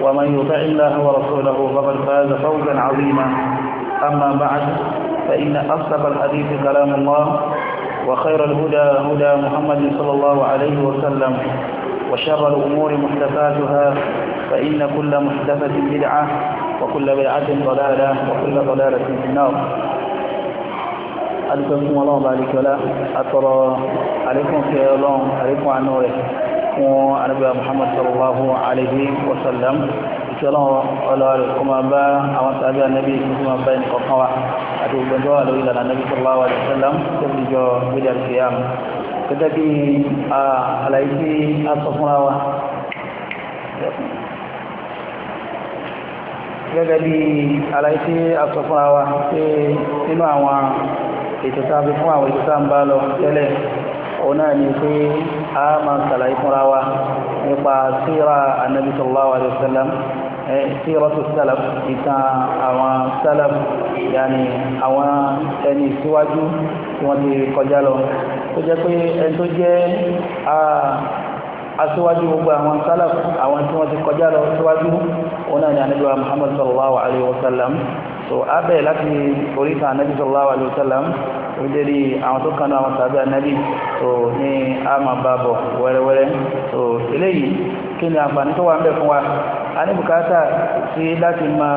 ومن يطع الله ورسوله فقد فاز فوزا عظيما أما بعد فإن أصدق الحديث كلام الله وخير الهدى هدى محمد صلى الله عليه وسلم وشر الأمور محدثاتها فإن كل محدثة بدعة وكل بدعة ضلالة وكل ضلالة في النار أدعوكم الله بارك ولا أترى عليكم خير الله عليكم نوره fún anábíwá muhammad sallallahu alaihi wasallam. sallam ìṣọ́lọ́ ọlọ́rẹ̀ kó máa bá àwọn tàbí anábí kó bá ẹnì kọ̀ọ̀kan wa àti ògbẹ́jọ́ àlóyè lànà sallallahu alaihi wasallam. sallam tó fi jọ gbéjà sí yá mu gẹ́gẹ́ bí àlàyé tí wa gẹ́gẹ́ bí àlàyé tí a àwọn ètò tá fún àwọn ètò tá ọ̀nà ni pé a máa sàlàyé fúnra wa nípa síra annabi sallallahu alaihi wasallam sírọ́tù sálàf ìtàn àwọn sálàf yàní àwọn ẹni síwájú tí wọ́n ti kọjá lọ tó jẹ́ pé ẹni tó jẹ́ aṣíwájú gbogbo àwọn salaf àwọn tí wọ́n ti kọjá lọ síwájú òun ni ànábíwá muhammad sallallahu alaihi wasallam so abẹ́ láti oríta ànábí sallallahu alaihi wasallam orílẹ̀-èdè àwọn tó kánú àwọn sàbẹ̀ ànábí so ní a máa bá bọ̀ wẹ́rẹ́wẹ́rẹ́ so eléyìí kí ni àǹfààní tó wà ń bẹ̀ fún wa a ní bùkátà sí láti mọ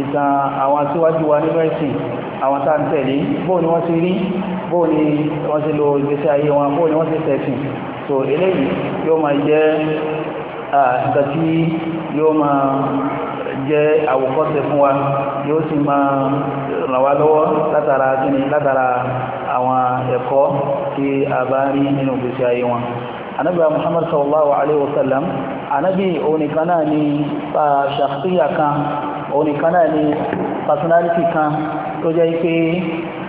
ìtàn àwọn aṣíwájú wa nínú ẹ̀sìn àwọn tá ń tẹ̀lé bóò ni wọ́n ti rí bóò ni wọ́n ti lo ìgbésí ayé wọn bóò ni wọ́n ti tẹ̀sìn so eléyìí yóò máa jẹ́ nǹkan tí yóò máa jẹ́ àwòkọ́ṣe fún wa yóò sì máa ràn wá lọ́wọ́ látara kíni látara àwọn ẹ̀kọ́ tí a bá rí nínú ìgbésí ayé wọn anábì muhammad sallallahu alaihi wasallam anábì onìkan náà ni ṣàkíyà kan onìkan náà ni personality kan tó jẹ́ pé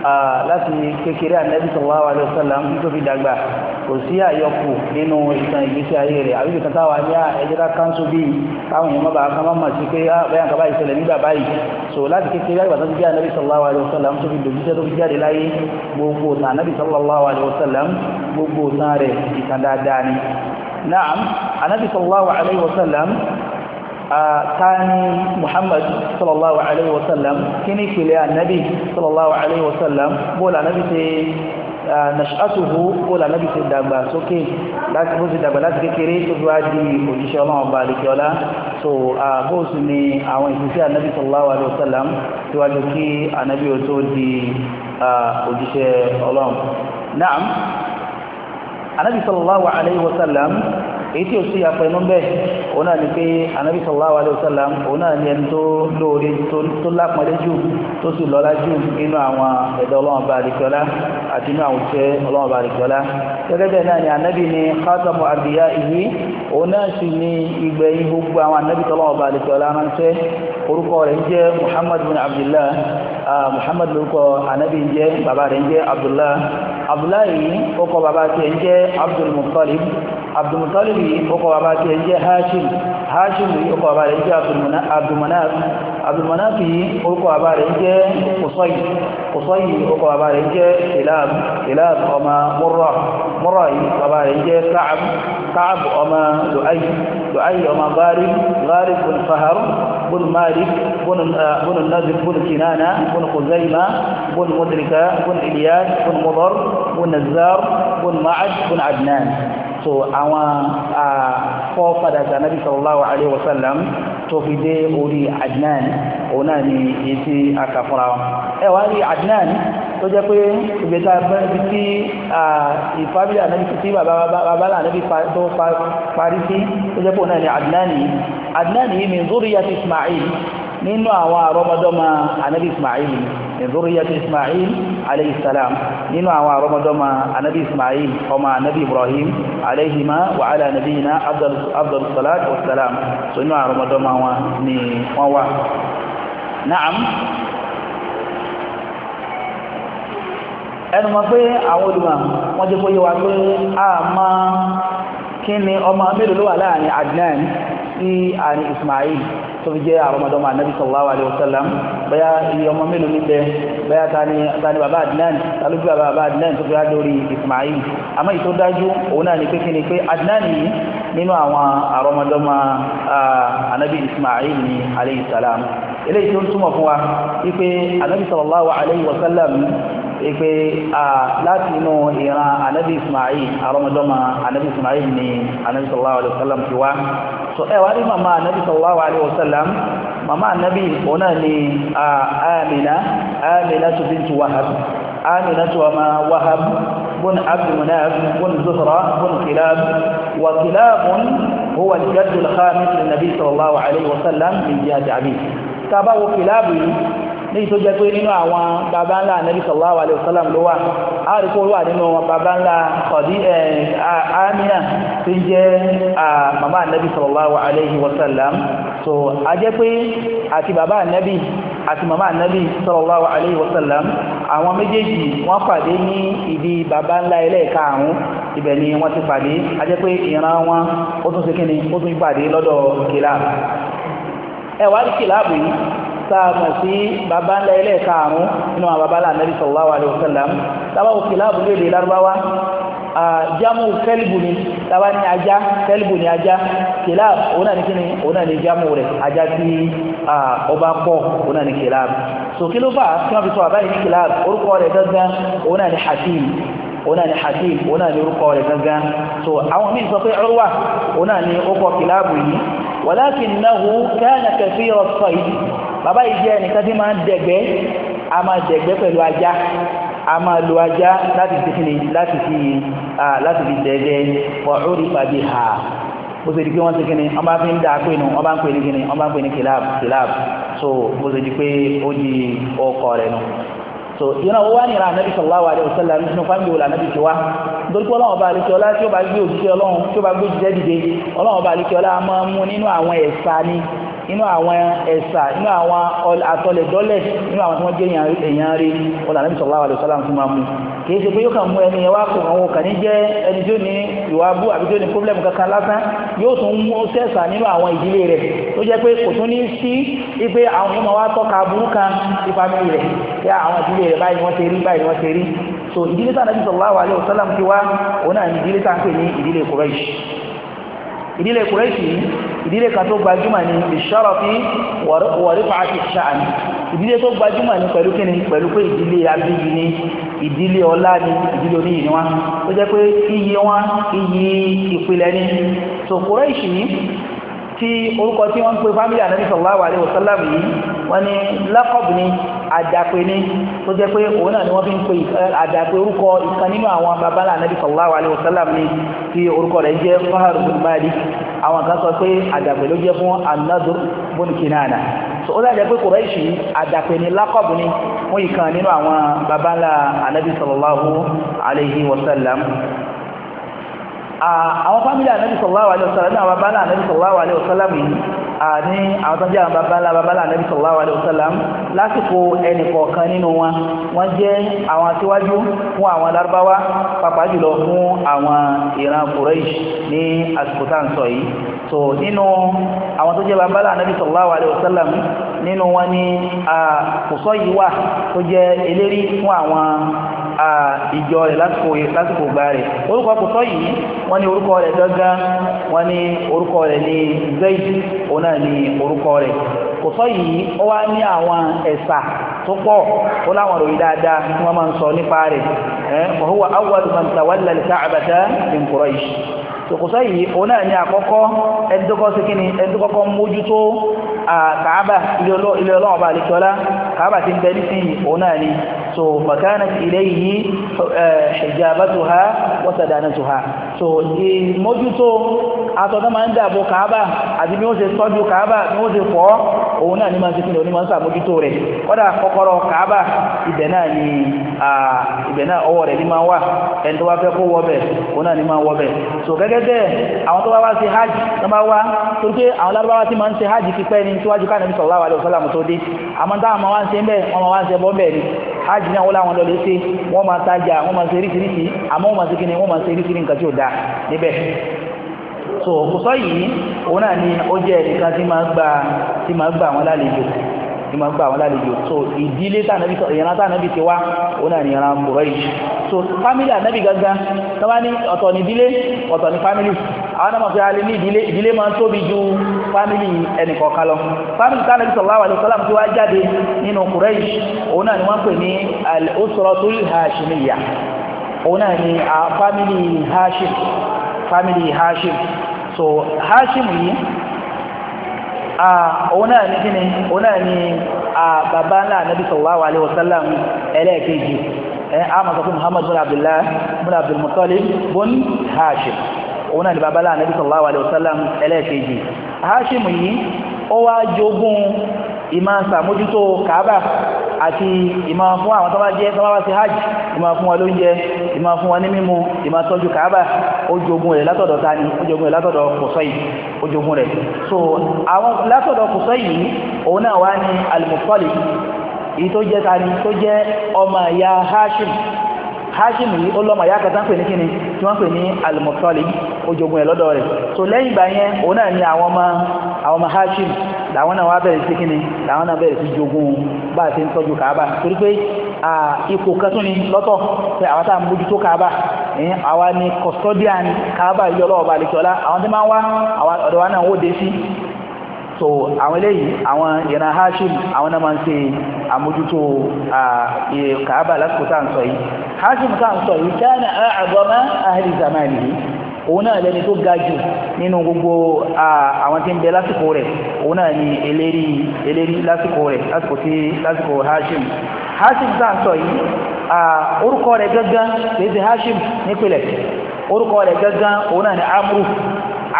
Ah, láti kékeré ànábì sallallahu alaihi wasallam tó fi dàgbà kò sí àyọkù nínú ìtàn ìgbésí ayé rẹ̀ àwíjọ kan táwa ní ẹjẹ́ká kánṣu bí káwọn èèyàn mọ́ba so láti kékeré àgbà tó ti jẹ́ ànábì sallallahu alaihi wasallam tó fi dòjíṣẹ́ tó fi jáde láyé gbogbo ìtàn ànábì sallallahu alaihi tani muhammad sallallahu alaihi wasallam kí ni ìpìlẹ̀ annabi sallallahu alaihi wasallam bóòlà annabi ṣe nàṣàtùhù bóòlà annabi ṣe dàgbà sókè láti bó ṣe dàgbà láti kékeré tó fi wá di òjíṣẹ́ ọlọ́run bá àdìkíọ́lá so bóòsù ni àwọn ìṣesí annabi sallallahu alaihi wasallam síwájú kí annabi ó tó di òjíṣẹ́ ọlọ́run naam annabi sallallahu alaihi wasallam èyí tí ó sí apẹ̀ inú bẹ́ẹ̀ òun náà ni pé anabi sallallahu alayhi wa sallam òun náà ni ẹni tó lóore tó lápọnlé jù tó sì lọ́lá jù nínú àwọn ẹ̀dọ́ ọlọ́run bá àdìgbọ́lá àti inú àwọn òṣìṣẹ́ ọlọ́run bá àdìgbọ́lá gẹ́gẹ́ bẹ́ẹ̀ náà ni anabi ni khatamu muhammad bin abdullah muhammad lórúkọ anabi ń jẹ́ bàbá rẹ̀ jẹ́ abdullah abdullah yìí ó kọ bàbá tiẹ̀ ń jẹ́ abdul muttalib عبد المطلب يقوى ما تهجي هاشم هاشم يقوى ما تهجي عبد المناف عبد المناف يقوى ما تهجي قصي قصي يقوى ما تهجي إلاب إلاب وما مرة مرة يقوى ما تهجي كعب كعب وما دعي دعي وما غارب غارب بن فهر بن مالك بن بن النذر بن كنانة بن خزيمة بن مدركة بن إلياس بن مضر بن نزار بن معد بن عدنان so àwọn fọ́fàdà sànàbí sallallahu alaihi wasallam tó fi dé orí adnan òun náà ni èyí tí a kà fúnra wọn ẹ wá rí adnan tó jẹ́ pé ìgbésà bí tí ìfábílì ànábì tí babalá ànábì tó parí sí tó jẹ́ pé òun náà ni adnan yìí adnan yìí min zuriyati ismail nínú àwọn àrọmọdọ́mọ ànábì ismail yìí ìdúrúyẹ́tì ismail aleyhisselam nínú àwọn àrọmọdọ́mà anabi ismail ọmọ anabi ibrahim aleyhima wa ala nabiyina abdulsalat wasalam so nínú àrọmọdọ́mà wọn ni wọ́n wà na'am ẹnu mọ̀ pé àwọn olùmọ̀ wọ́n jẹ́ kó yé wa pé a máa kí ni ọmọ mélòó ló wà láàrin adnan sí àrin ismail tó fi jẹ́ àwọn ọmọdọ́mọ ànábì sallallahu alaihi wasallam bẹ́yà iye ọmọ mélòó ní bẹ́ bẹ́yà tani bàbá adnan tàbí bàbá adnan tó fi á lórí ismail àmọ́ ìtó dájú òun náà ni pé kí ni pé adnan yìí nínú àwọn àrọmọdọ́mọ ànábì ismail ní alayhi salam eléyìí tó túmọ̀ fún wa wípé ànábì sallallahu alaihi wasallam ipe láti inú ìran anabi ismail arọmọdọ́mọ anabi ismail ni anabi sallallahu alaihi wasallam ti wá so ẹwà rí mama anabi sallallahu alaihi wasallam mama anabi òun náà ni amina amina tó bí tu wahab آمنة وما وهب بن عبد مناف بن زهرة بن كلاب وكلاب هو الجد الخامس للنبي صلى الله عليه وسلم من جهة أبيه تابعوا كلاب ní tó jẹ́ pé nínú àwọn bàbá ńlá Nabi sallallahu alaihi wasallam ló wà àríkò wà nínú bàbá ńlá ọ̀dí Amina tí ń jẹ́ màmá Nabi sallallahu alaihi wasallam so a jẹ́ pé àti bàbá Nabi àti màmá Nabi sallallahu alaihi wasallam àwọn méjèèjì wọ́n pàdé ní ibi bàbá ńlá ẹlẹ́ẹ̀kaàrún ibẹ̀ ni wọ́n ti pàdé a jẹ́ pé ìran wọn ó tún ṣe ó tún pàdé lọ́dọ̀ kìláàbù ẹ̀wà kìláàbù yìí sáàmù sí bàbá ńlá ilẹ̀ karùn-ún nínú àwọn bàbá ńlá nàbí sallallahu alaihi wasallam tábà òkè láàbù lédè lárúbáwá jamu kẹlìbù ni tábà ní ajá kẹlìbù ni ajá kìláàbù òun náà ní kíni òun náà ní jamu rẹ̀ ajá tí ọba pọ̀ òun náà ní kìláàbù so kí ló fà tí wọ́n fi sọ àbáyé ní kìláàbù orúkọ rẹ̀ gangan òun ni hadith òun ni orúkọ rẹ̀ gangan so àwọn míì sọ pé Urwa òun ni ó kọ kìláàbù yìí kana kathira as-sayd bàbá yìí jẹ́ ẹnìkan tí máa ń dẹ̀gbẹ́ a máa dẹ̀gbẹ́ pẹ̀lú ajá a máa lo ajá láti fi kíni láti fi láti fi dẹ̀gbẹ́ ọ̀rọ̀ ìpàdé ha bó ṣe di pé wọ́n ti kíni wọ́n bá fi ń dáa pé nu wọ́n bá ń pè ní kíni wọ́n bá ń pè ní kìláàbù kìláàbù so bó ṣe di pé ó di ọkọ rẹ̀ nu so yana wa ni ra nabi sallallahu alaihi wasallam nínú fami wala nabi ti wa do ko Ọlọ́run ba le ti ola tí ó bá gbé òjíṣẹ́ Ọlọ́run tí ó bá gbé jide dìde Ọlọ́run ba le ti ola ma mu nínú àwọn esa ni inú àwọn ẹ̀sà inú àwọn àtọlẹ̀dọ́lẹ̀ inú àwọn tí wọ́n jẹ́ èèyàn rí ọ̀là Ànábì sallallahu alaihi wasallam fún máa mú kìí ṣe pé yóò kàn mú ẹni ẹwà kò àwọn òkà ní jẹ́ ẹni tí ó ní ìwà bú àbí tí ó ní pọ́blẹ́mù kankan lásán yóò tún mú sẹ́sà nínú àwọn ìdílé rẹ̀ tó jẹ́ pé kò tún ní sí wípé àwọn èèyàn wá tọ́ka burú kan ìfami rẹ̀ kí àwọn ìdílé rẹ̀ báyìí wọ́n ṣe rí báyìí wọ́n ṣe rí so ìdílé tí Ànábì sallallahu alaihi wasallam ti wá òun náà ní ìdílé tá ní ìdílé Quraysh ìdílé kùrẹ́ṣì ìdílé kan tó gbajúmọ̀ ní ìṣọ́rọ̀fí wọ̀rífà àti ṣáàní ìdílé tó gbajúmọ̀ ní pẹ̀lú kíni pẹ̀lú pé ìdílé abíyí ní ìdílé ọlá ní ìdílé oníyì ní wọn tó jẹ́ pé iyì wọn iyì ìpìlẹ̀ ní tí orúkọ tí wọ́n ń pe fámílì ànábì sallallahu alaihi wasallam yìí wọ́n ní laqab ni àdàpè ni tó jẹ́ pé òun náà ni wọ́n fi ń pe àdàpè orúkọ ìkan nínú àwọn babalá ànábì sallallahu alaihi wasallam ni tí orúkọ rẹ̀ jẹ́ Fahar bin Malik àwọn kan sọ pé àdàpè ló jẹ́ fún An-Nadr bin Kinana so ó dájẹ́ àwọn fámílì ànẹ́bí sallallahu alaihi wasallam ní àwọn bàbá ànẹ́bí sallallahu alaihi wasallam yìí ní àwọn tó jẹ́ àwọn bàbá ńlá bàbá ànẹ́bí sallallahu alaihi wasallam lásìkò ẹnì kọ̀ọ̀kan nínú wọn wọ́n jẹ́ àwọn aṣíwájú fún àwọn sọ yìí so nínú àwọn tó jẹ́ bàbá ànẹ́bí sallallahu alaihi wasallam nínú wọn ni Qusay wà tó jẹ́ eléri fún àwọn ìjọ rẹ̀ lásìkò gbà rẹ̀ orúkọ kòtọ́ yìí wọ́n ní orúkọ rẹ̀ gangan wọ́n ní orúkọ rẹ̀ ní zayd òun náà ní orúkọ rẹ̀ kòtọ́ yìí ó wá ní àwọn ẹ̀sà tó pọ̀ ó láwọn òròyìn dáadáa tí wọ́n máa ń sọ nípa rẹ̀ ọ̀húwà awọ́dù man tawalla al-ka'bata min Quraysh tòkòsọ́ yìí òun náà ní àkọ́kọ́ ẹ̀dọ́kọ́ sí kíni ẹ̀dọ́kọ́kọ́ mójútó Kaaba ilé ọlọ́ọ̀bá àlekọ́lá Kaaba ti ń bẹ nísìnyí òun náà ní so fakanat ilayhi eh, hijabatuha wa sadanatuha so ìmójútó aṣọ tó máa ń dàbò kàábà àti bí wọ́n ṣe tọ́jú kàábà bí wọ́n ṣe fọ́ òun náà ní máa ń sípínlẹ̀ onímọ̀ ń sàmójútó rẹ̀ kọ́dà kọ́kọ́rọ́ kàábà ibẹ̀ náà ni ibẹ̀ náà ọwọ́ rẹ̀ ní máa wà ẹni tó wá fẹ́ kó wọ́bẹ̀ òun náà ní máa wọ́bẹ̀ so gẹ́gẹ́ bẹ́ẹ̀ àwọn tó bá wá sí hajj tó bá wá tó pé àwọn lárúbáwá tí máa ń ṣe hajj ti pẹ́ ni síwájú káàdì sallallahu alaihi wasallam tó dé àmọ́ táwọn máa wá ń ṣe bẹ́ẹ̀ wọ́n máa wá ń ni hajj náà wọ́n láwọn lọ lè ṣe wọ́n máa tajà wọ́n máa ṣe eríṣiríṣi àmọ́ wọ́n máa se kíni wọ́n máa ṣe eríṣiríṣi nǹkan tí ó dáa níbẹ̀ so kùsọ́ yìí òun náà ni ó jẹ́ ẹ̀ka tí máa gbà wọn lálejò ní ma ń wọn lálejò so ìdílé tánàbí ìran tánàbí ti wá ó náà ní ìran Quraish so family ànábì gangan tó bá ní ọ̀tọ̀ ní ìdílé ọ̀tọ̀ ní family àwọn náà fi alẹ́ ní ìdílé ìdílé máa ń tóbi ju family ẹnìkọ̀ọ̀kan lọ family tánàbí sallallahu alaihi wasallam tí wá jáde nínú Quraish òun náà ni wọ́n pè ní al-usratul hashimiyya òun náà ni family hashim family hashim so hashim yìí òun náà ní kíni òun náà ní bàbá ńlá ànábì sallallahu alaihi wasallam ẹlẹ́ẹ̀kejì àmọ̀sọ̀ fún muhammad bin abdullah bin abdul muttalib bin hashim òun náà ní bàbá ńlá ànábì ìmá sàmójútó kàábà àti ìmá fún àwọn tó bá jẹ́ tó bá wá sí hajj ìmá fún wọn lóúnjẹ ìmá fún wọn ní mímu ìmá tọ́jú kàábà ó rẹ̀ látọ̀dọ̀ tani ó jogún rẹ̀ látọ̀dọ̀ Qusay ó rẹ̀ so àwọn látọ̀dọ̀ Qusay yìí òun náà wá ní al-Muttalib èyí tó tani tó jẹ́ ọmọ ìyá hashim yìí ó lọ́mọ ìyá ń pè ní kíni tí wọ́n pè ní al-Muttalib ojogun ẹ̀ lọ́dọ̀ rẹ̀ so lẹ́yìn ìgbà yẹn òun náà ni àwọn ọmọ àwọn ọmọ hashim làwọn náà wá bẹ̀rẹ̀ sí kíni làwọn náà bẹ̀rẹ̀ sí jogun bá a ti ń tọ́jú Kaaba torí pé ipò kan tún ni lọ́tọ̀ pé àwọn táà ń bójútó Kaaba ẹ̀yìn àwa ni custodian Kaaba ilé ọlọ́ọ̀bà àlekíọ́lá àwọn tí máa ń wá ọ̀dọ̀ wa náà wó de sí so àwọn eléyìí àwọn ìran hashim àwọn náà máa ń ṣe àmójútó Kaaba lásìkò tá ń sọ yìí Hashim tá ń sọ yìí kana a'zama ahli zamanihi òun náà lẹni tó ga jù nínú gbogbo àwọn tí ń bẹ lásìkò rẹ̀ òun náà ni eléri eléri lásìkò rẹ̀ lásìkò tí lásìkò Hashim Hashim tá ń sọ yìí orúkọ rẹ̀ gangan kìí Hashim nípìnlẹ̀ orúkọ rẹ̀ gangan òun náà ni Amru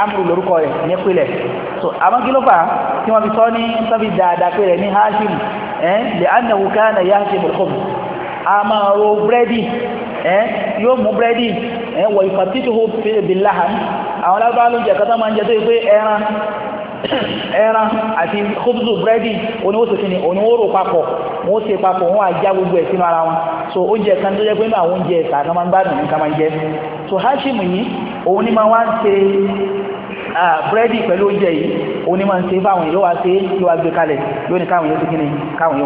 Amru lórúkọ rẹ̀ nípìnlẹ̀ so àmọ́ kí ló fà tí wọ́n fi sọ ní sọ́fi dáadáa pé rẹ̀ ní Hashim ẹ̀ lè ánàwó kánà yá Hashim a máa ro búrẹ́dì ẹ́ yóò mú búrẹ́dì ẹ́ wọ̀ ìfàtíkì hó bìláhàn àwọn alábáà ló jẹ́ kátà máa ń jẹ́ tó yẹ ẹran ẹran àti kúbùsù búrẹ́dì oníwòsòfin ni oníwòrò papọ̀ wọ́n ṣe papọ̀ wọ́n àjá gbogbo ẹ̀ ara wọn so oúnjẹ kan tó jẹ́ pé náà oúnjẹ ẹ̀sà kan máa so Hashim yìí òun ni máa ń ṣe búrẹ́dì pẹ̀lú oúnjẹ yìí òun ni máa ń ṣe fáwọn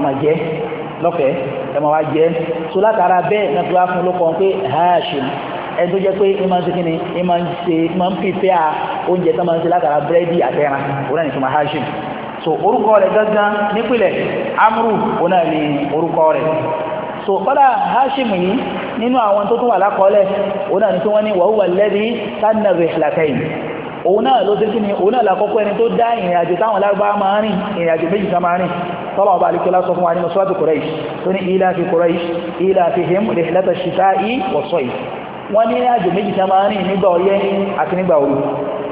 wá ṣe lọ́fẹ̀ẹ́ ẹ máa wá jẹ́ so látara bẹ́ẹ̀ náà tó wá fún ló kàn pé Hashim ẹ tó jẹ́ pé ẹ máa ń ṣe kíni ẹ máa ń ṣe ẹ máa ń pèpè à oúnjẹ tó máa ń ṣe látara búrẹ́dì àtẹran òun náà ìtumọ̀ Hashim so orúkọ rẹ̀ gángan nípìnlẹ̀ Amru òun náà ní orúkọ rẹ̀ so kọ́dà Hashim yìí nínú àwọn tó tún wà lákọọ́lẹ̀ òun náà ní tí wọ́n ní wàhùwà lẹ́bi sanna rihlatayn òun náà ló tẹ́kí ni òun náà lákọ́kọ́ ẹni tó dá ìrìnàjò táwọn lárúbáwá máa rìn ìrìnàjò méjì ká máa rìn tọ́lọ̀ ọba alikọ́lá sọ fún wa nínú sọ́tù Quraish tó ní ilá fi Quraish him rihlata shita'i wa sayf wọ́n ní ìrìnàjò méjì ká máa rìn nígbà ọyẹ́ àti nígbà ooru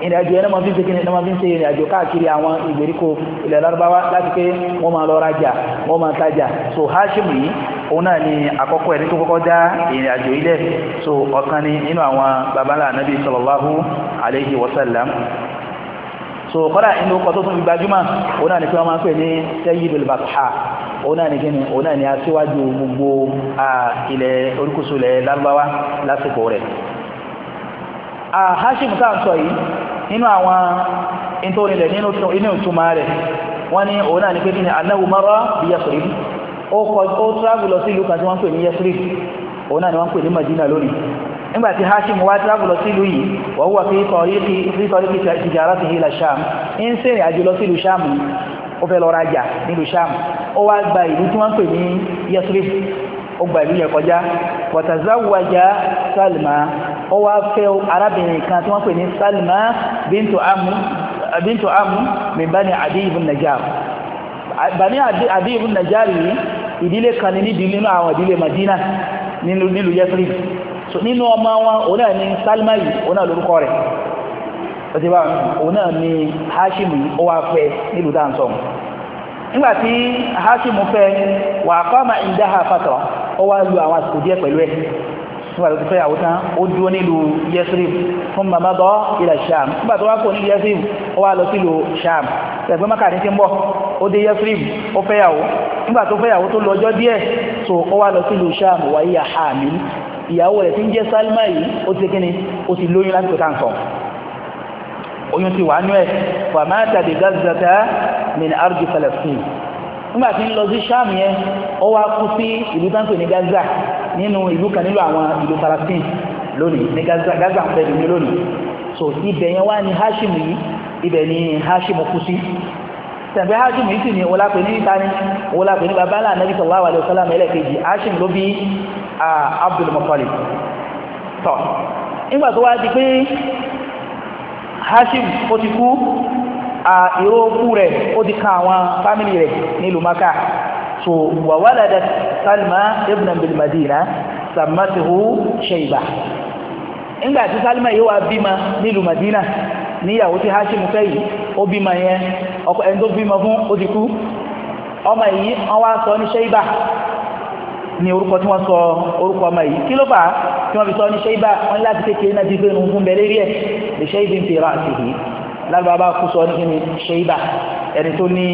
ìrìn àjò ẹ̀nà máa fi ń ṣe kí ni ẹ̀nà máa fi ń ṣe ìrìn àjò káàkiri àwọn ìgbèríko ilẹ̀ lárúbáwá láti pé wọ́n máa lọ rajà wọ́n máa tajà so Hashim yìí òun náà ni àkọ́kọ́ ẹni tó kọ́kọ́ dá ìrìn ilẹ̀ so ọ̀kan ni nínú àwọn babalá anabi sallallahu alayhi wa sallam so kọ́dà inú ọkọ̀ tó tún fi gbajúmọ̀ òun náà ni pé wọ́n máa ń pè ní sayyidul basha òun náà ni kíni òun náà ni aṣíwájú gbogbo ilẹ̀ orúkúsù ilẹ̀ lásìkò rẹ̀ Ah, Hashim tá ń sọ yìí nínú àwọn ìtòrinlẹ̀ nínú ìtumà rẹ̀ wọ́n ní òun náà ní pé kí ni annahu marra bí Yasrib ó travel lọ sí ìlú kan tí wọ́n pè ní Yasrib òun náà ni wọ́n pè ní Madina lónìí nígbàtí Hashim wá travel lọ sí ìlú yìí wọ́n wà fi tariqi tijaratihi ila Sham ń sèrìn àjò lọ sí ìlú Sham ó fẹ́ lọ rajà nílùú Sham ó wá gba ìlú Salma ó wá fẹ́ arábìnrin kan tí wọ́n pè ní Salma bintu amu bintu amu min bani Adi ibn Najjar bani Adi ibn Najjar yìí ìdílé kan ní nídìí nínú àwọn ìdílé Madina nílùú yẹsìrì nínú ọmọ wọn òun náà ni Salma yìí òun náà lórúkọ rẹ̀ ọtí bá òun ni Hashim yìí ó wá fẹ́ nígbàtí Hashim fẹ́ wà kọ́ ma ìdáhà fatra ó wá lu àwọn àsìkò díẹ̀ pẹ̀lú ẹ̀ nígbà tó ti fẹ́ yàwó tán ó dúró nílùú yesrib fún mamá bọ́ ilẹ̀ sham nígbà tó wá kò ní yesrib ó wá lọ sílùú sham ẹ̀gbẹ́ mọ́kà ti ń bọ̀ ó dé yesrib ó fẹ́ nígbà tó fẹ́ tó lọ ọjọ́ díẹ̀ so ó wá lọ sílùú sham wáyé àhàmì ìyàwó rẹ̀ tí ń jẹ́ salma yìí ó ti kíni ó ti lóyún láti tó káńtọ̀ oyún ti wà nú ẹ̀ fàmáta de gazata palestine nígbà tí ń lọ sí sáàmù yẹn ó wá kú sí ìlú táǹkì ní Gaza nínú ìlú kan nílò àwọn ìlú Palestine lónìí ní Gaza Gaza ń pẹ̀lú lónìí so ibẹ̀ yẹn wá ní Hashim yìí ibẹ̀ ni Hashim kú sí tẹ̀gbẹ́ Hashim yìí sì ni wọlápẹ̀ ní ìta ni wọlápẹ̀ ní babalá Nabi sallallahu alaihi wasallam ẹlẹ́kejì Hashim ló bí Abdul Mokali tọ́ nígbà tó wá di pé Hashim ó ti kú ìró kú rẹ̀ ó ti kan àwọn fámìlì rẹ̀ nílùú maka so wà waladat salma ibn bil madina sàmàtìhù shayba nígbà tí salma yóò wá bímọ nílùú madina níyàwó tí hashim fẹ́ yìí ó bímọ yẹn ọkọ ẹni tó bímọ fún ó ti kú ọmọ yìí wọ́n wá sọ ní ṣẹ́ibà ní orúkọ tí wọ́n sọ orúkọ ọmọ yìí kí ló fà tí wọ́n fi sọ ní ṣẹ́ibà wọ́n láti kékeré náà ti fẹ́ nu fún bẹ̀rẹ̀ rí ẹ̀ lè fi ra àti yìí lágbàbá kú sọ ní kíni ṣeibà ẹni tó ní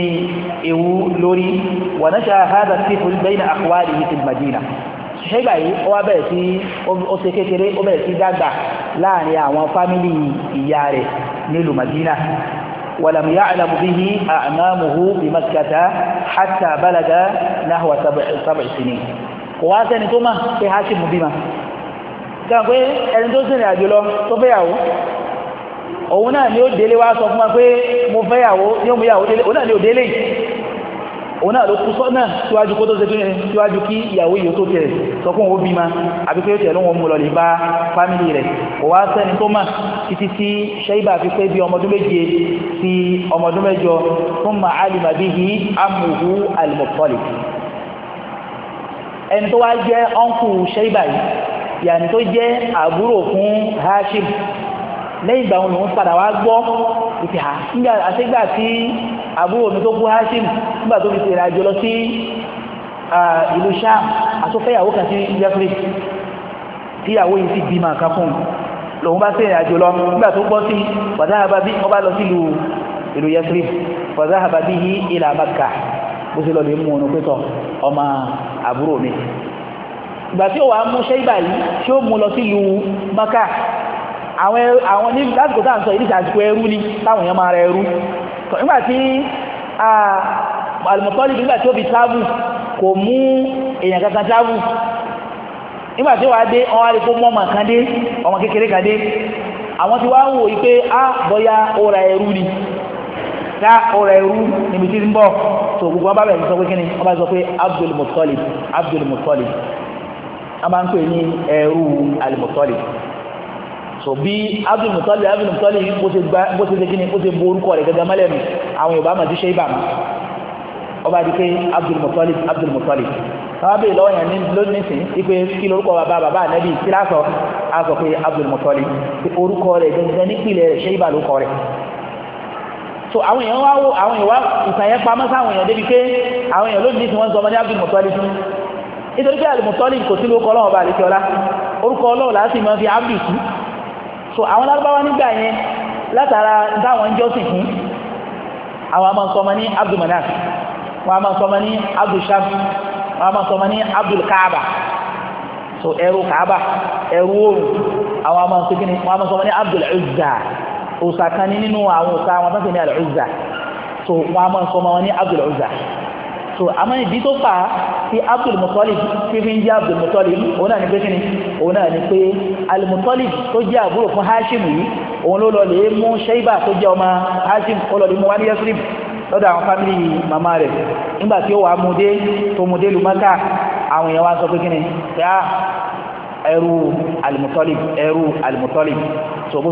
ewu lórí wà náà ṣàhádà sí fún bẹ́yìn àkọwàrí ní tìlmàdínà ṣeibà yìí ó wá bẹ̀rẹ̀ sí ó ṣe kékeré ó bẹ̀rẹ̀ sí dàgbà láàrin àwọn fámílì ìyá rẹ̀ nílùú Madina ولم يعلم به أعمامه بمكة حتى بلغ نحو سبع, سبع سنين kòwáṣẹ́ ni tó máa pé hashim bímá gbàgbé ẹni òun náà ni ó délé wá sọ fún wa pé mo fẹ́ yàwó ní òun yàwó délé òun náà ni ó délé òun náà ló kú sọ́nà síwájú kó tó ṣe fílẹ̀ síwájú kí ìyàwó yìí ó tó tẹ̀ sọ fún òun bímá àbí pé ó tẹ̀ lóun mú lọlẹ̀ bá fámìlì rẹ̀ kò wá sẹ́ni tó mà títí tí ṣẹ́yìnbà fi pé bí ọmọdún méje sí ọmọdún mẹ́jọ fún mà alìmà bí i amòhù alìmọ̀tọ́lì ẹni tó wá jẹ́ ọ́nkù ṣẹ́yìnbà yìí yàní tó jẹ́ àbúrò fún Hashim lẹ́yìn ìgbà wọn ni wọ́n padà wá gbọ́ ìpè à nígbà àtẹ́gbà tí àbúrò mi tó kú Hashim nígbà tó fi ṣe ìrìnàjò lọ sí ìlú Sham àtúfẹ́yàwó kan sí jeffrey tíyàwó yìí sì bímọ kan fún un lòun bá ṣe ìrìnàjò lọ nígbà tó gbọ́ sí fàdáhàbà bí wọ́n bá lọ sí ìlú yathrib fàdáhàbà bí yí ilà Makkah bó ṣe lọ lè mú ọ̀nà pẹ́tọ̀ ọmọ àbúrò mi ìgbà tí ó wàá mú àwọn àwọn ní lásìkò tá à ń sọ ìdíjà àsìkò ẹrú ni táwọn èèyàn máa ra ẹrú nígbà tí Al-Muttalib nígbà tí ó fi travel kò mú èèyàn kankan travel nígbà tí wàá dé ọmọ àdìpọ̀ mọ́ ọmọ kan dé ọmọ kékeré kan dé àwọn tí wàá wò yí á bọ́yá ó ẹrú ni ká ó ẹrú níbi tí ń bọ̀ tó gbogbo wọn bẹ̀rẹ̀ sọ pé kíni wọn bá sọ pé Abdul Muttalib Abdul Muttalib a máa ń pè ní ẹrú al so bí abdulmutali abdulmutali bó ṣe ṣe kíni bó ṣe bo orúkọ rẹ̀ gẹ́gẹ́ mẹ́lẹ́nu àwọn yorùbá máa ti ṣe ibà mọ́ ọba di pé abdulmutali abdulmutali bàbá bèèrè lọ́wọ́ yẹn lónìí sìn ipe kí lórúkọ bàbá bàbá ànábì kí lásọ á sọ pé abdulmutali pé orúkọ rẹ̀ gẹ́gẹ́ nípìnlẹ̀ rẹ̀ ṣe ibà lórúkọ rẹ̀ so àwọn èèyàn wá wo àwọn èèyàn wá ìtàn yẹn pamọ́ sáwọn èèyàn débi pé àwọn èèyàn lónìí tí wọ́n sọ ọmọ ní abdulmutali fún nítorí pé abdulmutali kò sí lórúkọ ọlọ́wọ́ bá àlejò ọlá orúkọ ọlọ́wọ́ láti máa fi abdul sí so àwọn lárúbáwá nígbà yẹn látara dáwọn jọ́sìn fún àwọn àmọ́ sọmọ ní Abdul Manaf wọn àmọ́ sọmọ ní Abdul Shams wọn àmọ́ sọmọ ní Abdul Kaaba so ẹrú Kaaba ẹrú oòrùn àwọn àmọ́ sọmọ ní wọn àmọ́ sọmọ ní Abdul Uzza òsà kan ní nínú àwọn òsà wọn tó ń ní Al-Uzza so wọn àmọ́ sọmọ wọn ní Abdul Uzza so àmọ́ ìdí tó fà á tí Abdul Muttalib tí fi ń jẹ́ Abdul Muttalib òun náà ni pé kíni òun náà ni pé Al Muttalib tó jẹ́ àbúrò fún Hashim yìí òun ló lọ lè mú Shaiba tó jẹ́ ọmọ Hashim ó lọ lè mú wá ní Yasrib lọ́dọ̀ àwọn fámìlì màmá rẹ̀ nígbà tí ó wà á mú dé tó mú dé lu Maka àwọn èèyàn wá sọ pé kíni pé á ah, ẹrú Al Muttalib ẹrú Al Muttalib so bó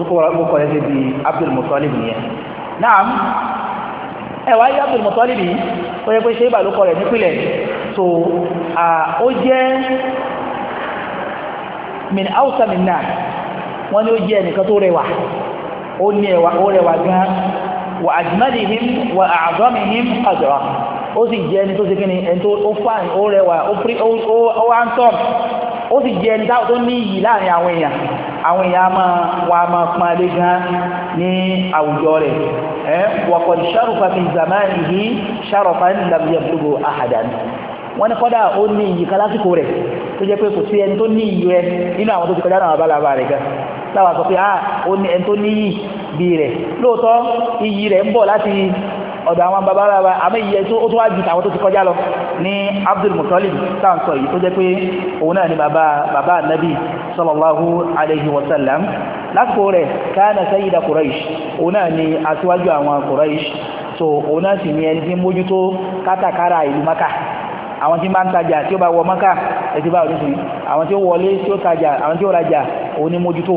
kọ́ ẹ ti di Abdul Muttalib ẹ̀wà ayé Abdul Muttalib yìí tó yẹ pé ṣe ìbà ló kọ rẹ̀ nípìnlẹ̀ so ó jẹ́ min hausa min náà wọ́n ní ó jẹ́ ẹnìkan tó rẹwà ó ní ẹwà ó rẹwà gan wà ajmalihim wà a'zamihim qadra ó sì jẹ́ ẹni tó ṣe kí ó sì jẹ́ ẹni táwọn tó ní iyì láàrin àwọn èèyàn àwọn èèyàn máa wà máa pọn alé gan ní àwùjọ rẹ̀ ẹ́ wọ̀kọ̀ ṣàrùfà fi zàmá ìhí ṣàrùfà ní ìlàbíyà gbogbo àhàdàn wọ́n ní kọ́dà ó ní iyì kan lásìkò rẹ̀ tó jẹ́ pé kò sí ẹni tó ní iyì rẹ̀ nínú àwọn tó ti kọjá náà ọ̀dọ̀ àwọn bàbá bàbá àmọ́ iye tó ó tó wá jù tàwọn tó ti kọjá lọ ní Abdul Muttalib táwọn sọ yìí tó jẹ́ pé òun náà ni bàbá bàbá nabi sallallahu alayhi wa sallam lásìkò rẹ̀ káàna sayyida Quraysh òun náà ni aṣíwájú àwọn Quraysh so òun náà sì ni ẹni tí mójútó kátàkárà ìlú Maka àwọn tí máa ń tajà tí ó bá wọ Maka ẹ̀sìn báwọn nísìnyí àwọn tí ó wọlé tí ó tajà àwọn tí ó rajà òun ni mójútó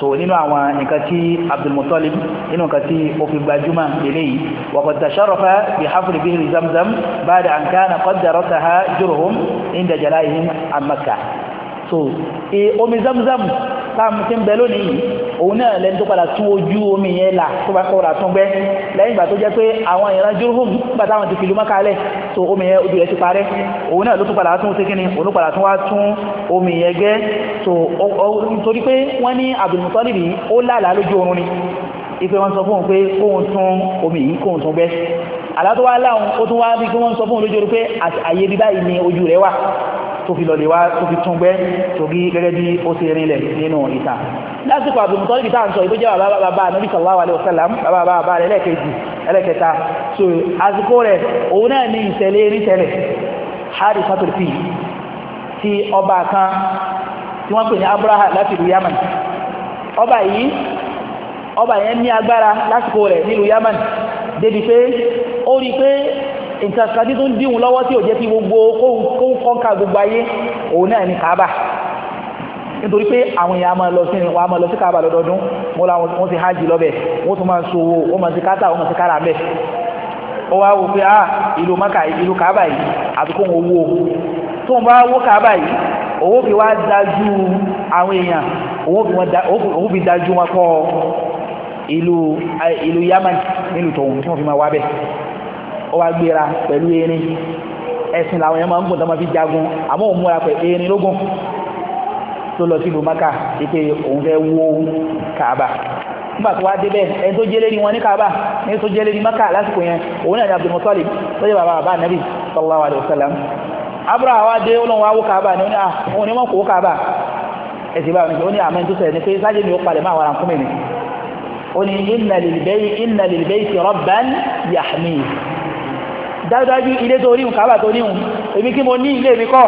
so nínú àwọn nǹkan tí abdulmutalib nínú nǹkan tí ó fi gbajúmọ̀ eléyìí waqad tasharrafa bi hafri bihr zamzam ba'da an kana qad darakaha jurhum inda jalaihim an makkah so e, omi zamzam táàmù tí ń bẹ lónìí yìí òun náà lẹ́ni tó padà tún ojú omi yẹn là tó bá kọ́ra tún gbẹ́ lẹ́yìn ìgbà tó jẹ́ pé àwọn ìran júrùm nígbà táwọn ti fìlú mọ́kálẹ̀ tó omi yẹn ojú rẹ̀ ti parẹ́ òun náà ló tún padà tún sékíní òun ló padà tún wá tún omi yẹn gẹ́ tó nítorí pé wọ́n ní Abdul Muttalib ó lálàá lójú oorun ni ipe wọ́n sọ fún un pé kóhun tún omi yìí kóhun tún gbẹ́ alátọ́wá láwọn ó tún wá bí wọ́n sọ fún un lójú orí pé àyè bíbáyìí ni ojú rẹ̀ wà tó fi lọlẹ̀ wá tó fi tún gbẹ́ torí gẹ́gẹ́ bí ó ṣe rinlẹ̀ nínú ìta lásìkò àbùmùtọ́ ibi tá à ń sọ ìbójẹ́ bàbá bàbá ànábì sallallahu alaihi wasallam bàbá bàbá rẹ̀ lẹ́ẹ̀kejì ẹlẹ́kẹta so àsìkò rẹ̀ òun náà ní ìṣẹ̀lẹ̀ nítẹ̀lẹ̀ harry satolfi ti ọba kan tí wọ́n pè ní abraha láti ìlú yaman ọba yìí ọba yẹn ní agbára lásìkò rẹ̀ nílùú yaman débi pé ó rí pé nǹkan kan tí tó ń díhun lọ́wọ́ tí ò jẹ́ kí gbogbo kóhun kọ́ńkà gbogbo ayé òun náà ní kaaba nítorí pé àwọn èèyàn máa lọ sí wọn máa lọ sí kaaba lọ́dọọdún wọn làwọn wọn ti hajj lọ́bẹ̀ wọn tún máa ń sowó wọn máa ti kátà wọn máa tó ń tí wọ́n fi máa wá bẹ́ẹ̀ ó wá gbéra pẹ̀lú erin ẹ̀sìn làwọn yẹn máa ń gùn tó máa fi jagun àmọ́ òun múra pẹ̀ erin lógún tó lọ sílùú maka wípé òun fẹ́ wó kaaba nígbà wá débẹ̀ ẹni tó jẹ́ lérí wọn ní kaaba ẹni tó jẹ́ lérí maka lásìkò yẹn òun náà ní Abdul tó jẹ́ bàbá bàbá anabi sallallahu alayhi wa sallam abraha wa dé olóhùn wa wó kaaba ni ah, òun ni wọn kò wó kaaba ẹ̀sìn báwọn ní òní ní pé sájẹ́ ó palẹ̀ máa wàrà kúmẹ̀ ni ó ní inna lil bayti inna lil yahmi dájúdájú ilé tó ríhùn kábà tó níhùn èmi kí mo ní ilé mi kọ́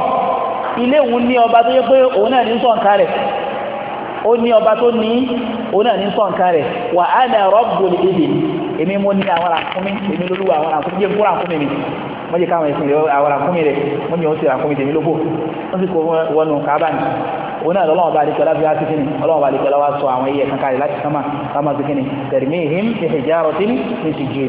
ilé òun ní ọba tó yẹ pé òun náà ní sọ̀nká rẹ̀ ó ní ọba tó ní òun náà ní sọ̀nká rẹ̀ wà á nà rọ́bù lè dìde èmi mo ní àwọn àkúnmí èmi lólúwa àwọn àkúnmí jẹ́ fúnra àkúnmí mi mo jẹ́ káwọn ẹ̀sìn àwọn àkúnmí rẹ̀ mo jẹ́ òun ti àkúnmí tèmi lóko ó sì kó wọnú kábà ní òun náà lọ́wọ́ bá dìkọ̀lá bí láti kíni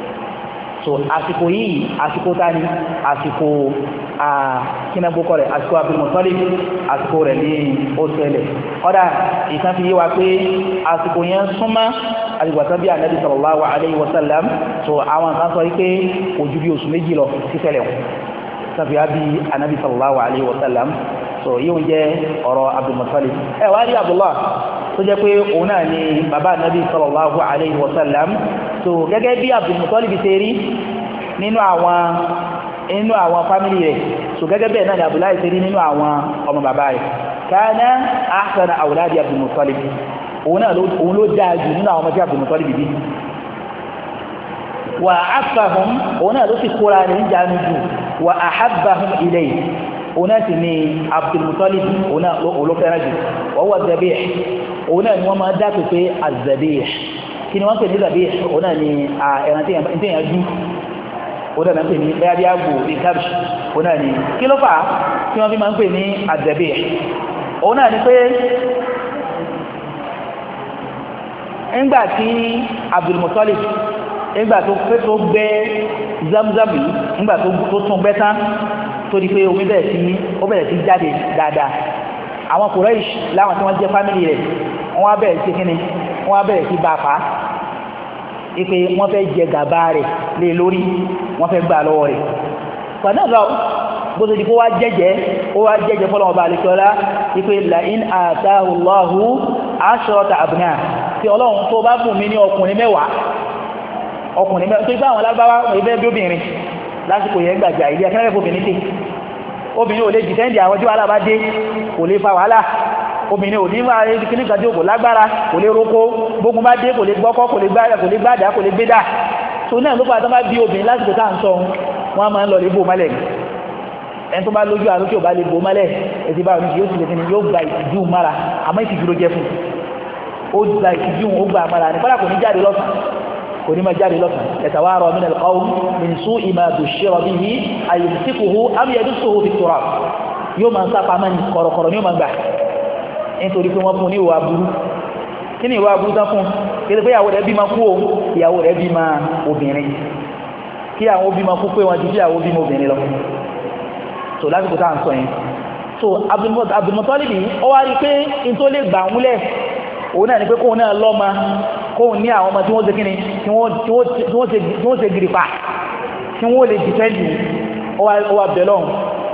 so àsìkò yìí àsìkò tani àsìkò kínagbókọ̀ rẹ̀ àsìkò abdulmutalib àsìkò rẹ̀ ní òṣèlẹ̀ kọ́dà ìtàn fi yí wa pé àsìkò yẹn súnmọ́ àdìgbàtà bí ànábì sallallahu alayhi wa sallam so àwọn kan sọ wípé kò ju bí oṣù méjì lọ sí tẹ́lẹ̀ wọn tàbí àbí sallallahu alayhi wa so yíò jẹ́ ọ̀rọ̀ Abdul Muttalib ẹ wá rí Abdullah tó jẹ́ pé òun náà ni bàbá nabi sallallahu alayhi wa sallam so gẹ́gẹ́ bí Abdul Muttalib ṣe rí nínú àwọn nínú àwọn fámìlì rẹ̀ so gẹ́gẹ́ bẹ́ẹ̀ náà ni Abdullahi ṣe rí nínú àwọn ọmọ bàbá rẹ̀ kana ahsana awladi Abdul Muttalib òun òun náà ló sì kóra ní ìjánu jù wà àhábàhùn ilayhi òun náà sì ni Abdulmutalib òun náà ló fẹ́ràn jù wọ́n wà zabih òun náà ni wọ́n máa dákò pé azabih kí ni wọ́n pè ní zabih òun náà ni ẹran tí èèyàn dú òun náà pè ní bẹ́ẹ̀ bí àgbò bí kábíṣ òun náà ni kí wọ́n fi máa òun náà ni pé ńgbà tí Abdulmutalib tó gbẹ́ zamzam yìí tó tún gbẹ́ tó di pé omi bẹ̀rẹ̀ sí ó bẹ̀rẹ̀ sí jáde dáadáa àwọn kùrẹ́ìṣì láwọn tí wọ́n jẹ́ fámìlì rẹ̀ wọ́n á bẹ̀rẹ̀ sí kíni wọ́n á bẹ̀rẹ̀ sí bá a fà á ipe wọ́n fẹ́ jẹ gàba rẹ̀ lé e lórí wọ́n fẹ́ gbà lọ́wọ́ rẹ̀ pàdánù bó ti di kó wá jẹ́jẹ́ ó wá jẹ́jẹ́ fọ́lọ́wọ́ bá alẹ́kọ́lá ipe la'in àtàwùláhù ashrata àbúnà tí ọlọ́run tó bá bùn mí ní ọkùnrin mẹ́wàá ọkùnrin mẹ́wàá tó ipá àwọn alábáwá ìfẹ́ bí obìnrin lásìkò yẹn gbàjà ilé akẹ́rẹ́ obìnrin tè obìnrin ò lè jì sẹ́ndì àwọn tí wàhálà bá dé kò lè fa wàhálà obìnrin ò ní máa rí kíní kan tí kò lágbára kò lè roko gbógun bá dé kò lè gbọ́kọ́ kò lè gbádà kò lè gbédà tó náà ló padà máa bí obìnrin lásìkò tá à ń sọ wọn máa ń lọ lè bò mọ́lẹ̀ ẹni tó bá lójú àrùn tí ò bá lè bò mọ́lẹ̀ ẹ̀sìn bá oníṣẹ́ yóò sì lè fi ni yóò gba ìtìjú mára àmọ́ ìtìjú ló jẹ́ fún ó gba ìtìjú ó gba àmàrà ní kọ́lá ní jáde lọ́sàn kò ní ma jáde lọ́kàn yatawara min al-qawm min su'i ma bushira bihi ayumsikuhu am yadussuhu fi turab yóò máa ń sápa máa ń kọ̀rọ̀kọ̀rọ̀ ní ó máa gbà nítorí pé wọ́n fún ní ìwà burú kí ni ìwà burú tán fún kéde pé ìyàwó rẹ̀ bí ma kú o ìyàwó rẹ̀ bí ma obìnrin kí àwọn òbí ma kú pé wọ́n ti bí àwọn òbí ma obìnrin so lásìkò tá à ń sọ yẹn so Abdul Muttalib ó wá rí pé n tó lè gbà ń lẹ̀ òun náà ni pé kóun náà lọ́ma kóhùn ní àwọn ọmọ tí wọ́n ṣe kíni tí wọ́n ṣe gìrìpà tí wọ́n lè dìfẹ́ndì ọwà bẹ̀lọ́n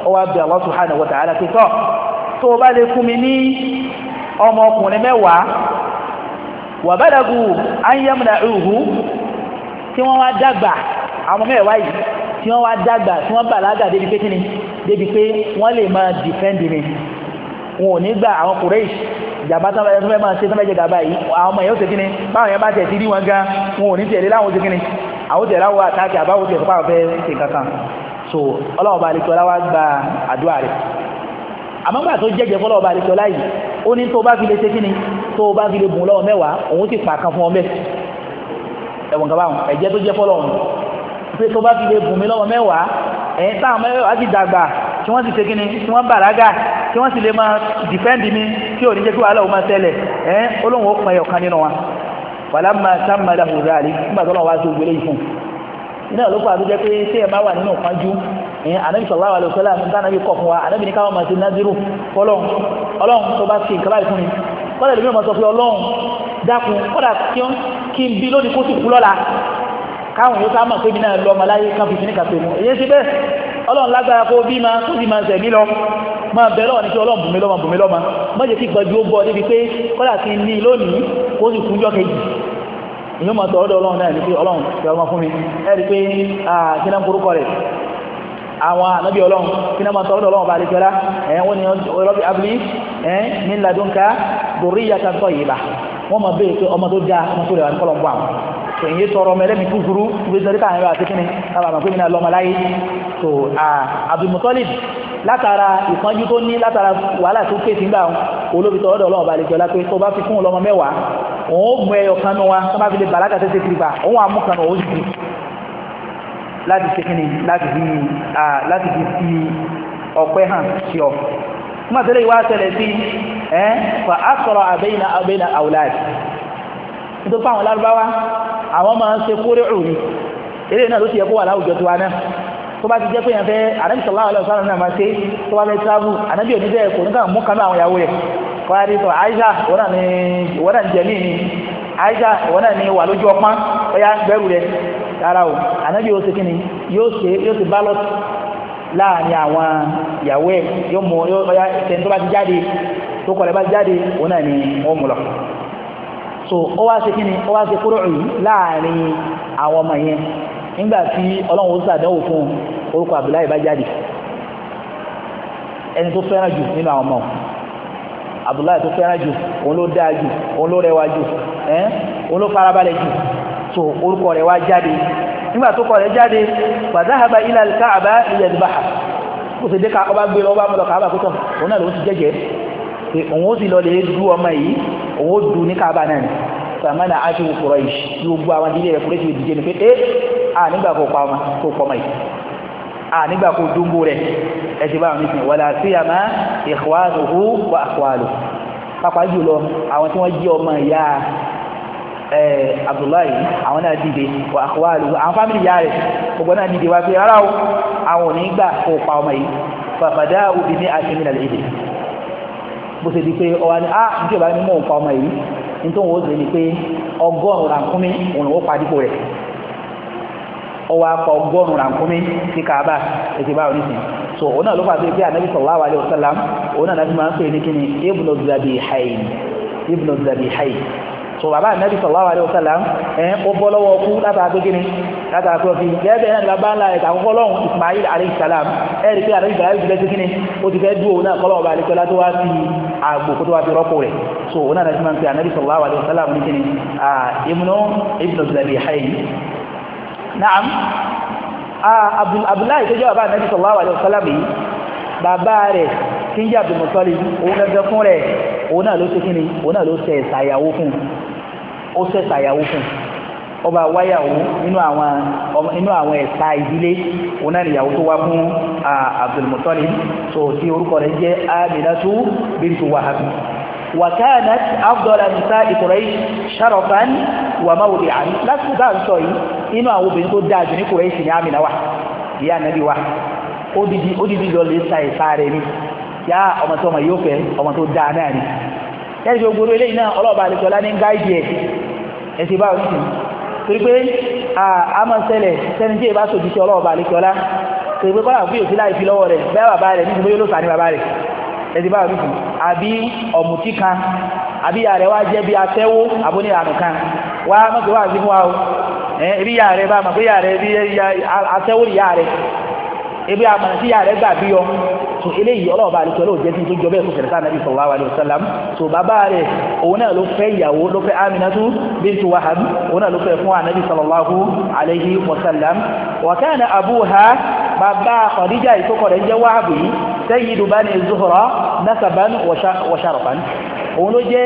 ọwà bẹ̀ Allah subhanahu wa ta'ala pé tọ́ tó bá lè fún mi ní ọmọ mẹ́wàá wà balagu an yamna'uhu tí wọ́n wá dàgbà àwọn mẹ́wàá yìí tí wọ́n wá dàgbà tí wọ́n bàlágà débi pé kíni débi pé wọ́n lè máa dìfẹ́ndì mi wọn ò ní gbà àwọn Quraysh jàmbá tán bẹ́ẹ̀ tó fẹ́ máa ṣe tán bẹ́ẹ̀ jẹ gàba yìí àwọn ọmọ yẹn ó ṣe kíni báwọn yẹn bá tẹ̀ sí rí wọn gan wọn ò ní tẹ̀lé láwọn ṣe kíni àwọn tẹ̀lé àwọn àtàkì àbáwò tẹ̀ fún àwọn fẹ́ ṣe kankan so ọlọ́wọ́ bá alẹ́kọ̀ọ́ láwá gba àdúrà rẹ̀ àmọ́ gbà tó jẹ́jẹ́ fọlọ́wọ́ bá alẹ́kọ̀ọ́ láyìí ó ní tó bá fi lè ṣe kíni tó bá fi lè bùn lọ́wọ́ mẹ́wàá òun ti pàkan fún ọ mẹ́ ẹ̀wọ̀n kan báwọn ẹ̀jẹ̀ tó jẹ́ fọlọ́wọ́ pé tó bá fi lè bùn mí lọ́wọ́ mẹ́wàá ẹ̀ tí wọ́n sì ṣe gíní tí wọ́n bàlágà tí wọ́n sì lè máa dìfẹ́ǹdì mi tí ò ní jẹ́ kí wàhálà ó máa tẹ́lẹ̀ ẹ́ olóhùn ó pọn ẹyọ kan nínú wa wàlá máa sá máa dà fún ìdáàlì nígbà tó lọ́wọ́ wá sí ògbélé yìí fún iná ló fà á tó jẹ́ pé tí ẹ bá wà nínú ìpọ́njú anabi sallallahu alaihi wasallam nta anabi kọ fún wa anabi ní káwọn máa ṣe naziru fọlọ́n ọlọ́run tó bá ṣe nǹkan báyìí fún mi kọ́lá ìlú mi máa sọ pé ọlọ́run dákun kọ́lá kí n bí lónìí kó sì kú lọ́la káwọn yóò ká mọ̀ pé mi náà lọ́ọ́ ọmọ láyé káfíńsì ní kàfé mu èyí ọlọ́run lágbára kó bí ma tó sì máa sẹ̀mí lọ máa bẹ̀rẹ̀ ọ̀ ní kí ọlọ́run bùnmi lọ́mọ bùnmi lọ́mọ má jẹ́ kí gbọ́jú ó bọ́ débi pé kọ́lá ti ní lónìí kó sì kúnjọ́ kejì ìyó máa tọ̀ ọ́dọ̀ ọlọ́run náà ní pé ọlọ́run tẹ ọmọ fún mi ẹ̀rí pé kí náà burúkọ rẹ̀ àwọn ànábì ọlọ́run kí náà máa tọ̀ ọ́dọ̀ ọlọ́run bá lè jọlá ẹ̀ wọ́n ni rọ́bì abúlé ẹ̀ ní ladúnkà bèèrè pé ọmọ tó dáa ọmọ tó rẹwà ní kọ́lọ̀ àwọn èyí tọrọ mẹ́lẹ́mì kúkúrú ìgbésẹ̀ rí káàrin rà sí kíni káàbà pé mi náà láyé so Abdulmutalib látara ìpọ́njú tó ní látara wàhálà tó ké sígbà olóbi ọ̀dọ̀ ọlọ́ọ̀bà àlejò ọlá pé tó bá fi fún ọlọ́mọ mẹ́wàá òun ó mú ẹyọ kanú wa tó bá fi lè bàlágà tẹ́sẹ̀ kiriba òun àmú kanú O sì láti ṣe láti fi láti hàn sí ọ tẹ́lẹ̀ sí àwùláàdì tó bá ti jẹ́ pé yẹn fẹ́ ànábì sallallahu alaihi wasallam náà máa ṣe tó bá fẹ́ travel ànábì òní bẹ́ẹ̀ kò ní ká mú kanú àwọn ìyàwó rẹ̀ wọ́n á rí sọ àìsà ìwọ́n náà ń jẹ míì ni àìsà ìwọ́n náà ni wà lójú ọpọ́n ọya bẹ̀rù rẹ̀ rárá o ànábì yóò ṣe kí ni yóò ṣe yóò ṣe ballot láàrin àwọn ìyàwó ẹ̀ yóò mú ọya ẹni tó bá ti jáde tó kọ̀lẹ̀ bá jáde òun náà ni wọ́n mú lọ so ó wá ṣe kí ni ó wá ṣe kúrò láàrin àwọn ọmọ yẹn nígbà tí ọlọ́run ó sàdánwò fún orúkọ abdullahi bá jáde ẹni tó fẹ́ràn jù nínú àwọn ọmọ abdullahi tó fẹ́ràn jù òun ló dáa jù òun ló rẹwà jù ẹ́n òun ló farabalẹ̀ jù tó orúkọ rẹ̀ wá jáde nígbà tó kọ rẹ̀ jáde fàdáhàbà ilà káàbà ìyẹ̀dùbáhà kò sì dé káàkọ́ bá gbé lọ́wọ́ bá mọ́ lọ káàbà kó tọ̀ òun náà lòun ti jẹ́jẹ́ pé òun ó sì lọ lè du ọmọ yìí òun ó du ní káàbà náà sàmánà ájú kùrẹ́ṣì gbogbo àwọn ìdílé rẹ̀ kùrẹ́ṣì ìdíje ní pété à nígbà kó pa ọmọ kó pọ̀ mọ́ yìí à nígbà kó dúnbó rẹ̀ ẹ ti bá wọn nísìn wàlá sí àmà ikhwanuhu wa akhwaluhu pápá jùlọ àwọn tí wọ́n jí ọmọ ìyá Abdullahi àwọn náà dìde wa akhwaluhu àwọn fámìlì ìyá rẹ̀ gbogbo náà dìde bó ṣe di pé ọwọ́ ní ah, tí ò bá ní mọ̀ nǹkan ọmọ yìí nítorí wọ́n ó sì pé ọgọ́rùn-ún ràkúnmí òun padìpò rẹ̀ ọwọ́ akọ ọgọ́rùn-ún ràkúnmí ní kaaba ètò ìbára oníṣìí so òun náà ló fà sí pé ànábì sallallahu alaihi wasallam òun náà láti máa ń ní so bàbá ànábì sallallahu alaihi wasallam ẹ̀ eh, ó bọ́ lọ́wọ́ kú látara pé kíni látara pé ọ̀fìn gẹ́gẹ́ náà bàbá ńlá ẹ̀ àkọ́kọ́ lọ́hùn Ismail alayhi salam ẹ̀ rí pé ànábì Ibrahim ti fẹ́ sí kíni ó ti fẹ́ dúró náà kọ́lọ́wọ́ bá alẹ́kọ́lá tó wá fi àgbò kó tó wá fi rọ́pò rẹ̀ so òun náà máa ń pe ànábì sallallahu alaihi wasallam ní kíni ibnu ibnu zabihayn na'am abdullahi tó jẹ́ bàbá ànábì sallallahu alaihi wasallam yìí bàbá rẹ̀ kí ń jẹ́ Abdul Muttalib òun gẹ́gẹ́ fún Ona náà ló ṣe kí ni òun náà ló ṣe ṣàyàwó fún ó ṣe ṣàyàwó fún ọba wáyàwó nínú àwọn nínú àwọn ẹ̀ka ìdílé òun náà nìyàwó tó wá a Abdul Muttalib tó tí orúkọ rẹ̀ jẹ́ Aminatu bintu Wahab وكانت أفضل نساء قريش شرفا وموضعا لا سبان سوي إنه أو بنتو داجني قريش نعمنا واحد يا نبي واحد odidi odidi lọ lè sa ìsáre ní yá ọmọ tó ọmọ yóò fẹ́ ọmọ tó dáa náà ni kẹ́rì tó gbogbo eléyìí náà ọlọ́ọ̀bà àlejòlá ní gáìdì ẹ̀ ẹ̀sìn báwo nìkan torí pé àmọ̀sẹ̀lẹ̀ sẹ́ni tí èèbá sòjúṣe ọlọ́ọ̀bà àlejòlá torí pé kọ́lá fún òsínláì fi lọ́wọ́ rẹ̀ bẹ́ẹ̀ bàbá rẹ̀ nítorí yóò sà ní bàbá rẹ̀ ẹ̀sìn báwo nìkan àbí ọ̀mùtí kan àbí ìyá rẹ̀ wá jẹ́ bí afẹ́wó àbóní ìlànà kan wá mọ́tò wá sí fún wa o ẹbí ìyá rẹ̀ bá mọ̀ pé ìyá rẹ̀ bí afẹ́wó ìyá rẹ̀ ebi àmọ̀nà sí ìyá rẹ̀ so eléyìí ọlọ́ọ̀bá àlùkò ló jẹ́ tó jọ bẹ́ẹ̀ kó fẹ̀rẹ̀ sáà nàbí sallallahu alaihi wasallam so bàbá rẹ̀ òun náà ló fẹ́ ìyàwó ló fẹ́ Aminatu bintu Wahab òun náà ló fẹ́ fún ànàbí sallallahu alaihi wasallam wa kana abuha bàbá Khadija ìtókọ̀ rẹ̀ jẹ́ Wahab yìí sayyidu bani Zuhra nasaban wa òun ló jẹ́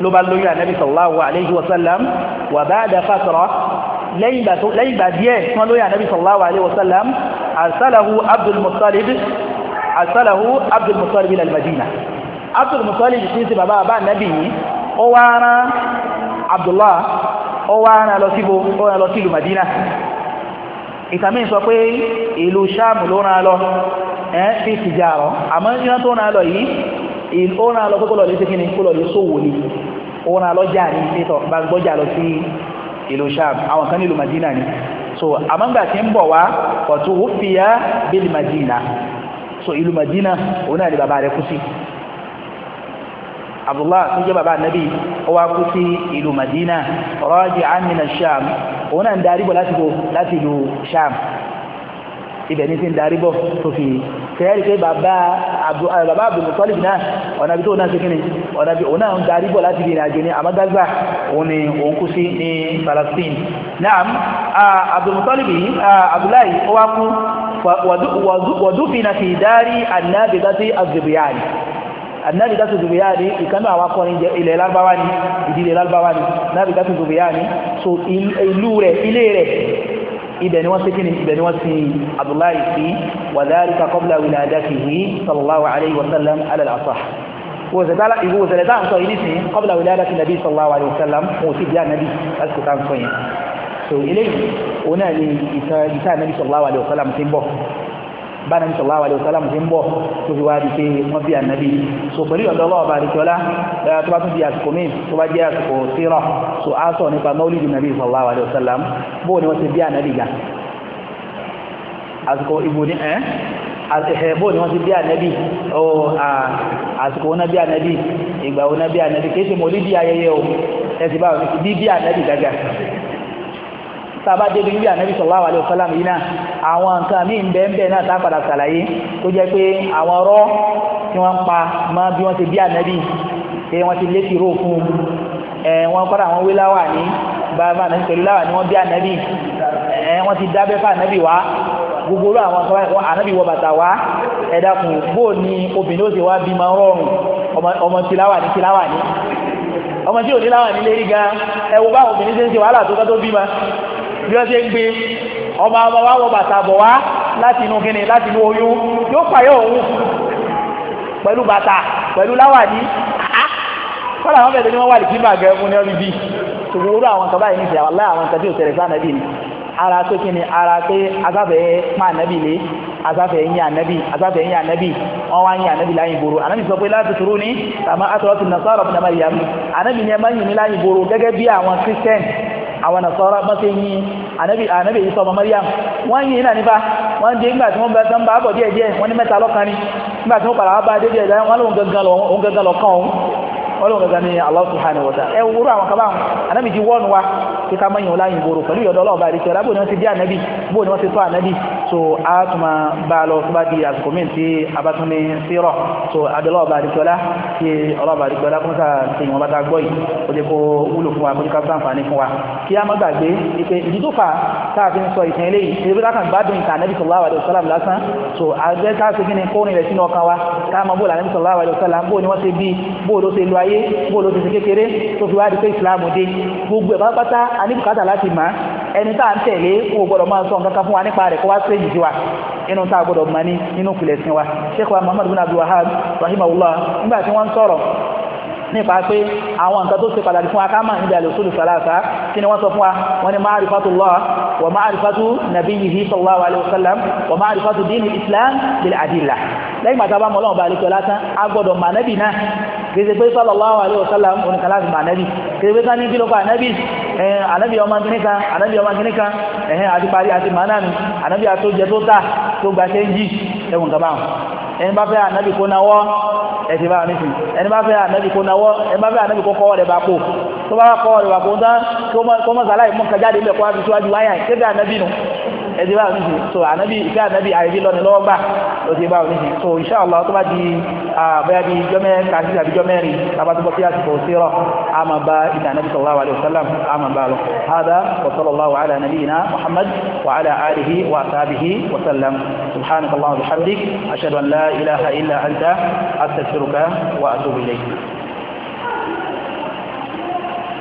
ló bá lóyún ànábì sallallahu alayhi wa sallam wa ba'da fatra lẹ́yìn ìgbà díẹ̀ tí wọ́n lóyún ànábì sallallahu alayhi wa sallam arsalahu Abdul Muttalib arsalahu Abdul Muttalib ila al-Madina Abdul Muttalib tí ó rán lọ kókó lọ́lẹ́ síkíní kó lọ́lẹ́ sówò ní ó rán lọ́jà ní pétọ̀ bá gbọ́jà lọ sí ìlú sham àwọn kan nílùú madina ni so àmọ́gbà tí ń bọ̀ wá pọ̀tù ó fi yá bílì madina so ìlú madina òun náà ni bàbá rẹ̀ kú sí abdullah tó jẹ́ bàbá nabi ó wá kú sí ìlú madina raji'an min ash-sham òun náà ń darí bọ̀ láti ìlú sham ibẹ̀ ní ti ń darí bọ̀ tó fi tẹ́ẹ̀rì pé bàbá eh, Abdulmutalib náà ọ̀nà bí tó náà ṣe kíni ọ̀nà bí òun náà ń darí bọ̀ láti ìrìn àjò ní amagbagba òun ni òun kú sí ní Palestine naam Abdulmutalib yìí Abdullahi ó wá kú wàdúfin fi dárí annábìdátì azubiyani annabi datu zubiyani ìkanú àwọn akọrin jẹ ilẹ̀ ni ìdílé lárúbáwá ni annabi datu zubiyani so ìlú rẹ̀ ibẹ̀ ni wọ́n sí kíni ibẹ̀ ni wọ́n sí abdullahi sí wàdárika qabla wiladatihi sallallahu alaihi wasallam alal'asah ìwòsẹ̀lẹ̀ tá ń sọ ìní sí qabla wiladati nabi sallallahu alaihi wasallam so ilé òun náà ni ìtàn nabi sallallahu alaihi wasallam bá nàbí sallallahu alaihi wasallam ti ń bọ̀ tó fi wá di pé wọ́n bí ànábì so pẹ̀lú ọ̀dọ́ ọlọ́wọ́ bá àdìsọ́lá tó bá tún di àsìkò míì tó bá jẹ́ àsìkò tírà so á sọ nípa mọ́lìdì nàbí sallallahu alaihi wasallam bóò ni wọ́n ti bí ànábì ga àsìkò ìbò ní ẹ́ àtẹ̀hẹ̀bọ́ ni wọ́n ti bí ànẹ́bí àsìkò wọn bí ànẹ́bí ìgbà wọn bí ànẹ́bí kìí ṣe mọ̀lídìí ayẹyẹ o ẹ̀sìn tàbá débi níbi ànábì sallallahu alaihi wasallam yìí náà àwọn nǹkan míì ń bẹ́ẹ̀ bẹ́ẹ̀ náà tá padà sàlàyé tó jẹ́ pé àwọn ọ̀rọ̀ tí wọ́n ń pa mọ́ bí wọ́n ti bí ànábì ṣe wọ́n ti létí ró fún un ẹ̀ wọ́n kọ́ra àwọn wíláwà ní bàbá ànábì pẹ̀lú láwà ní wọ́n bí ànábì ẹ̀ wọ́n ti dábẹ́ fún ànábì wá gbogbo olú àwọn akọ́wọ́ ànábì wọ bàtà wá ẹ̀dàkùn bóò ni obìnrin ó ti wá bí ma rọrùn ọmọ tìláwà ní tìláwà ní ọmọ tí ò níláwà ní lérí gan ẹwọ bá obìnrin tí ń ṣe wàhálà tó kọ́ tó bí ma bí wọ́n ṣe ń gbé ọmọ ọmọ wa wọ bàtà bọ̀ wá láti inú gíní láti inú oyún yóò pààyọ̀ òun pẹ̀lú bàtà pẹ̀lú láwàní kọ́lá àwọn bẹ̀rẹ̀ ni wọ́n wà lè kíma gẹ̀ fún ní ọdún bí ṣùgbọ́n àwọn kan báyìí nìṣẹ́ àwọn àwọn kan tí ò tẹ̀rẹ̀ sáà nàbí ni ara pé kí ni ara pé asáfẹ́ pa ànábì lé asáfẹ́ yín ànábì asáfẹ́ yín ànábì wọ́n wá yín ànábì láyìn ìgboro ànábì sọ pé láti turu ní tàmá àtọ́wọ́sì nàṣọ́rọ̀ fún ànábì yàmù ànábì ni ẹ máa yìn ní láyìn ìgboro gẹ́gẹ́ bí àwọn kírísítẹ́nì àwọn nasara bá ṣe yin anabi anabi isa ọmọ maryam wọ́n yin náà nípa wọ́n dé nígbà tí wọ́n bá tán bá bọ̀ díẹ̀ díẹ̀ wọ́n ní mẹ́ta lọ́kan ni nígbà tí wọ́n padà wá bá dé díẹ̀ díẹ̀ wọ́n lóun gangan lọ òun gangan lọ kàn òun wọ́n lóun gangan ni allah subhanahu wa ta'ala ẹ wúrú àwọn kaba anabi ti wọ́n wa so a tún ma bá lọ tó bá di àsìkò mí tí a bá tún ní sírọ̀ so abẹ́lọ́ọ̀bà àdìsọ́lá kí ọlọ́ọ̀bà àdìsọ́lá kún sáà sí ìwọ̀n bá ta gbọ́ yìí ó jẹ́ kó wúlò fún wa kó fún wa a má gbàgbé ìpè ìdí tó fà táà fi ń sọ ìtàn eléyìí ìdí tó kàn gbádùn ìtàn ànábì sallallahu alaihi wasallam lásán so àgbẹ̀ ká sí kíni kó nílẹ̀ sínú ọkàn wa ká mọ bóòlù ànábì sallallahu alaihi wasallam bóò ni wọ́n ṣe bí bóò ló ṣe lu ayé bóò ló ṣe ṣe kékeré tó fi wá ẹni tá à ń tẹ̀lé kó o gbọ́dọ̀ máa sọ nǹkan kan fún wa nípa rẹ̀ kó wá sí èyí sí wa inú tá a gbọ́dọ̀ mọ̀ ní nínú ìpìlẹ̀ sí wa sheikh wa muhammadu bin abdul wahab rahimahullah nígbà tí wọ́n ń sọ̀rọ̀ nípa pé àwọn nǹkan tó ṣe pàtàkì fún akáàmà níbi àlòsúlù sàlásà kí ni wọ́n sọ fún wa wọ́n ni ma'rifatullah wa ma'rifatu nabiyyihi sallallahu alaihi wasallam wa ma'rifatu dinil islam bil adillah lẹ́yìn bàtà bá mọ́ ọlọ́run bá àlekọ́ látán a gbọ́dọ̀ mà nábì náà kìí pé sallallahu alaihi wasallam oníkà láti mọ̀ ànábì kìí pé sáà ní kí ló kọ ànábì ànábì ọmọ kìníkà ànábì ọmọ kìníkà ẹ̀hẹ́n àti parí àti màánàmì ànábì àtó jẹ tó tà tó gba ṣe ń jì ẹ̀wùn kàbá ẹni bá fẹ́ ànábì kó náwọ́ ẹ̀sìn bá nísìn ẹni bá fẹ́ ànábì kó ẹ̀dí báwọn níṣe so ànábì ìfẹ́ ànábì àìrí lọ́ni lọ́wọ́ gbà ló ti báwọn níṣe so insha Allah tó bá di bóyá bíi jọ́mẹ́ kàṣí àbí jọ́mẹ́rin tabatubọ́ sí àsìkò sírọ̀ a máa bá ìtàn ànábì sallallahu alaihi wasallam a máa bá lọ hada wa sallallahu ala nabiyyina muhammad wa ala alihi wa sahbihi wa sallam subhanaka allahumma wa bihamdik ashhadu an la ilaha